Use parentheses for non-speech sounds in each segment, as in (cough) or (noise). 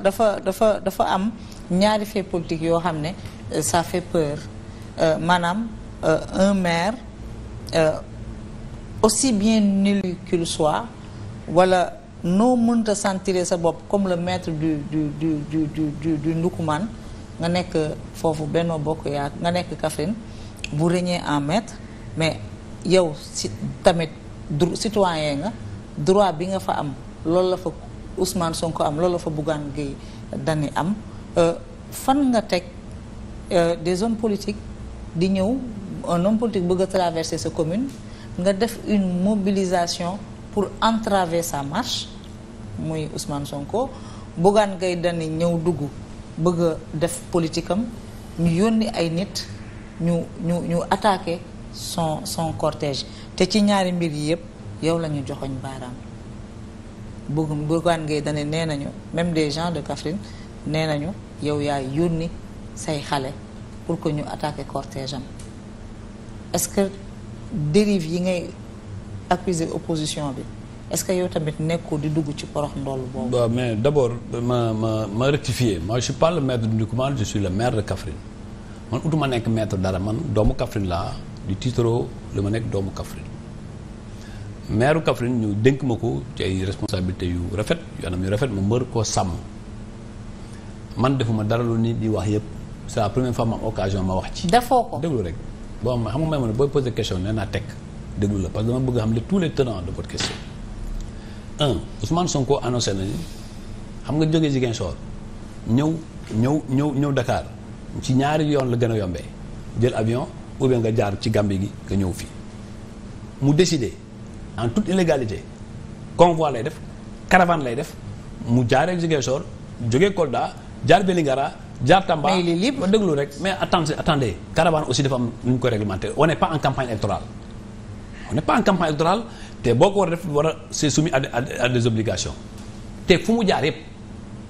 dafa dafa dafa am ñaari fait politique yoo xam ne sa euh, fait peur euh, maanaam euh, un maire euh, aussi bien nul qu'il soit wala noo mënta sentir sa bopp comme le maître du du du du du du, du nga nekk foofu Benno Bokk Yaa nga nekk Kaffrine bu régner en maître mais yow si tamit citoyen nga droit bi nga fa am loolu la fa Ousmane Sonko am loolu fa Bougane Gueye Dany am euh, fan nga teg euh, des hommes politiques di ñëw un homme politique bëgg a sa commune nga def une mobilisation pour en sa marche muy Ousmane Sonko Bougane Gueye Dany ñëw dugg bëgg a def politique am ñu yónni ay nit ñu ñu ñu attaquer son son cortège te ci ñaari mbir yi yëpp yow la ñu joxoñ baaraam Bougane Gueye dane nee nañu même des gens de Kaffrine nee nañu yow yaa yónni say xale pour que ñu attaquer cortège am est-ce que dérive yi ngay accuser opposition bi est-ce que yow tamit nekkoo di dugg ci porox ndoll boobu. waaw mais d'abord ma ma ma rectifier moi je suis pas le maître du Ndoukoumane je le maire de Kaffrine man utuma nekk maître dara man doomu Kaffrine laa di tiitaroo li ma nekk doomu Kaffrine maire Kaffrine ñu dénk ma ko ci ay responsabilité yu rafet yu anam yu rafet ma mbër koo sàmm man defuma dara lu nit di wax yëpp c'est la première fois ma am occasion ma wax ci. defoo ko déglu rek boo xam nga may ma ne booy poser question nee naa teg déglu la parce que dama bëgg xam ne tous les tenants de votre question un Ousmane Sonko annoncé na ni xam nga jógee Ziguinchor ñëw ñëw ñëw ñëw dakaar ci ñaari yoon la gën a yombee jël avion ou nga jaar ci Gambie gi nga ñëw fii mu décidé. en toute illégalité convoi lay def caravane lay def mu jaaree Ziguinchor jógee Kolda jaar Vélingara jaar Tamba mais il est déglu rek mais attendez attendez caravane aussi dafa am nu ñu koy réglementer on n'est pas en campagne électorale on pas en campagne électorale te boo ko war a def war a c'est soumis à à des obligations te fu mu jaar yëpp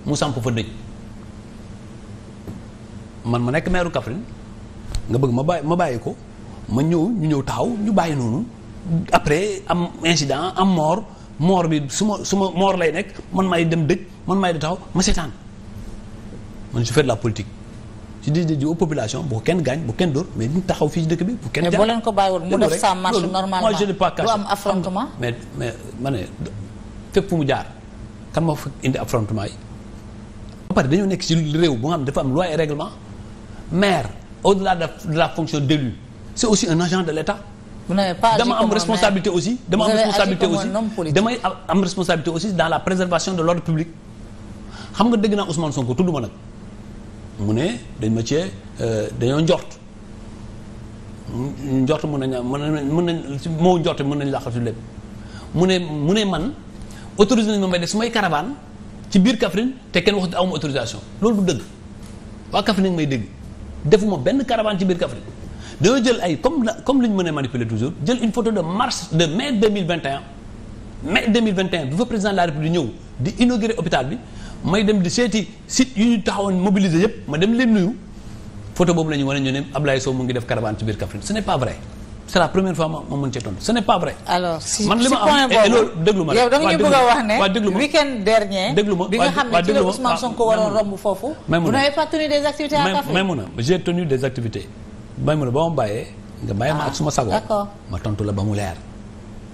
mu samp fa dëj man ma nekk maire Kaffrine nga bëgg ma bàyyi ma bàyyi ko ma ñëw ñu ñëw taxaw ñu bàyyi noonu après am incident am moor moor bi su ma su ma moor lay nekk man maay dem dëj man maay di taxaw ma seetaan man je fais de la politique ci di di aux population bu ko kenn gaañ bu kenn dor mais ñu taxaw fii dëkk bi bu leen ko bàyyiwul mu def sa marche normalement moi je n'ai pas caché am affrontement. mais mais ma ne fépp fu mu jaar kan moo fa indi affrontement yi. ba pare dañoo nekk ci réew bu nga xam dafa am loi et règlement maire au-delà de la fonction d'élu c'est aussi un agent de l'État. vous n'avez pas dama am responsabilité aussi dama am responsabilité aussi damay am responsabilité aussi dans la préservation de l'ordre public xam nga dégg naa Ousmane Sonko tudd ma nag mu ne dañ ma cee euh, dañoo njort njort mën nañ mën nañ mën nañ moo njort mën nañ laqatu lépp mu ne mu ne man autorisé nañ ma may def su may caravane ci biir Kaffrine te kenn waxut awma autorisation loolu du dëgg waa Kaffrine ngi may dégg defuma benn caravane ci biir Kaffrine dañoo jël ay comme comme lu ñu mën a manipuler toujours jël une photo de mars de mai 2021 mai 2021 bi fa président de la république ñëw di inaugurer hôpital bi may dem di seeti site yu ñu taxawoon mobiliser yëpp ma dem leen nuyu photo boobu la ñu wane ñu ne Ablaye Sow mu ngi def caravane ci biir Kaffrine ce n'est pas vrai c'est la première fois ma ma mën cee ce n'est pas vrai. alors si man li ma am eh, eh, loolu déglu ma ma week-end may mu ne ba ma bàyyee nga bàyyi ma ak ah, suma sago ma tontu la ba mu leer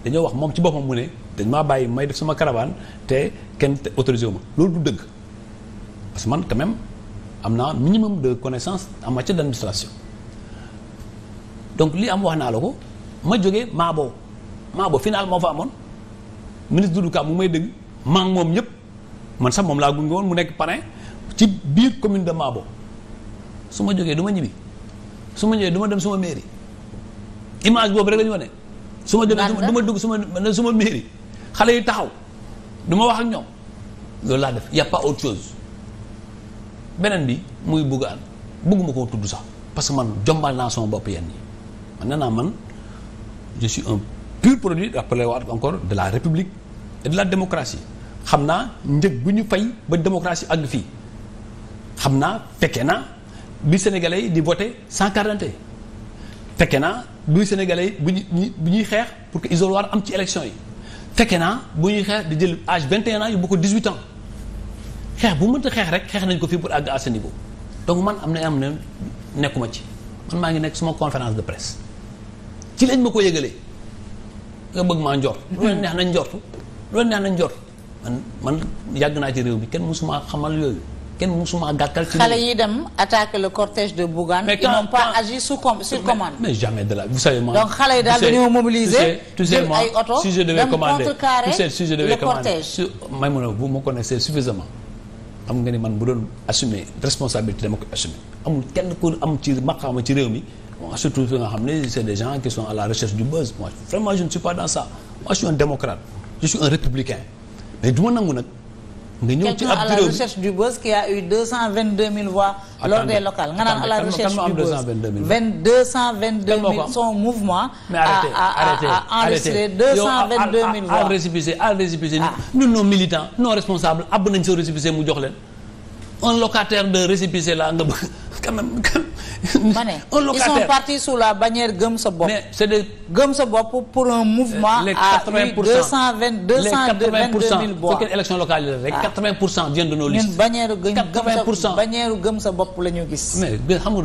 dañoo wax moom ci boppam mu ne dañ maa bàyyi may def suma caravane te kenn autorisé wu ma loolu du dëgg parce que man quand même am naa minimum de connaissance en matière d'administration donc li am wax naa la ko ma jógee Maabo Maabo final moo fa amoon ministre Doudou Ka mu may dëgg maa moom ñëpp man sax moom laa gunge woon mu nekk parrain ci biir commune de Maabo su ma jógee du ma ñibbi su ma ñëwee du ma dem suma mairie image boobu rek la ñu wane su ma demee du ma dugg suma ma suma ma mairie xale yi taxaw du ma wax ak ñoom loolu laa def y' a chose beneen bi muy bugg an bugguma koo tudd sax parce que man jombal naa sama bopp yenn yi man nee naa man je un pur produit rappelé waat encore de la république de la démocratie xam naa njëg bu ñu fay ba démocratie àgg fii xam naa fekkee naa. bi sénégalais di voté cent carte d'identité fekke naa buy sénégalais yi ñu ñuy bu ñuy xeex pour que isoloir am ci élection yi fekke naa bu ñuy xeex di jël âge 21 ans yu bu ko 18 ans xeex bu mënta xeex rek xeex nañ ko fii pour àgg à ce niveau donc man am na am na nekkuma ci man maa ngi nekk suma conférence de presse ci lañ ma ko yégalee nga bëgg maa njort loolu neex nañ njortu loolu neex nañ njort man man yàgg naa ci réew bi kenn mësuma xamal yooyu kenn musuma gàkkal. ci xale yi dem attaquer le cortège de Bougane. mais ils n'ont pas agi sous com sur commande. mais jamais de la vous savez moi. donc xale yi daal dañoo mobiliser. tu si je devais commander tu sais si je commander su may ma ne vous me connaissez suffisamment. xam nga ni man bu doon assumer responsabilité dama ko assumer amul kenn ku am ci ma ci réew mi. Moi, surtout fi nga xam ne c'est des gens qui sont à la recherche du buzz moi vraiment je ne pas nag. nga ñëw ci ab bureau bi du buzz qui a eu deux cent vingt deux mille voix. lors nga naan à la recherche du buzz vingt deux cent son mouvement. mais arrêtez arrêtez a enregistré deux cent vingt deux mille voix. à récépissé à récépissé ah. ñun non militant non responsable ab nañ sa récépissé mu jox leen un locataire de récépissé la nga bëgg. quand même. (laughs) ma ne ils sont partis sous la bannière gëm sa bopp. mais c'est de gëm sa bopp pour un mouvement. Euh, les quatre vingt pour cent à deux cent vingt gëm sa bopp la gis. mais bi xam ah.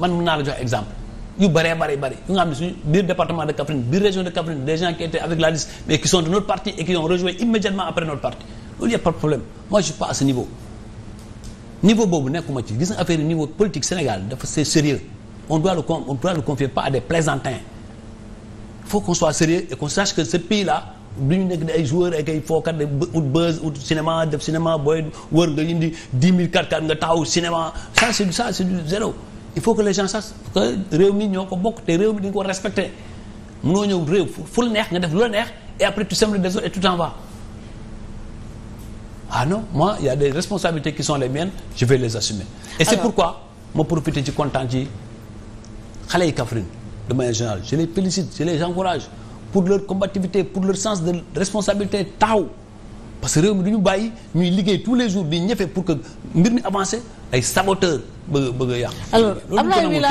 man mën naa la jox exemple. yu bëree bëri bëri yu nga xam ne suñu biir département de Kaffrine biir région de Kaffrine des gens qui étaient avec la liste mais qui sont de notre parti et qui ont rejoint immédiatement après notre parti loolu y a pas problème moi je pas à ce niveau. niveau boobu nekkuma ci gis nga affaire niveau politique Sénégal dafa c'est sérieux on doit le on doit le confier pas à des plaisantins il faut sérieux et qu'on ñu nekk di ay joueurs ak ay fookat de ut buzz cinéma def cinéma booy wër nga indi dix mille quatre quatre nga taxaw cinéma ça c'est du ça c'est du zéro il faut que les gens sachent réew mi ñoo ko bokk te réew mi dañu ko respecter mënoo ñëw réew fu la neex nga def lu la neex et après tu sèmes le désordre et tu t'en ah non moi il y a des responsabilités qui sont les miennes je vais les assumer. et c'est pourquoi ma profité ci kontaan ci xale yi Kaffrine de manière générale je les félicite je les encourage pour leur combativité pour leur sens de responsabilité taxaw parce que réew mi du ñu bàyyi ñuy liggéey tous les jours di ñëfe pour que mbir mi avancé ay saboteurs bëgg bëgg a yàq. alors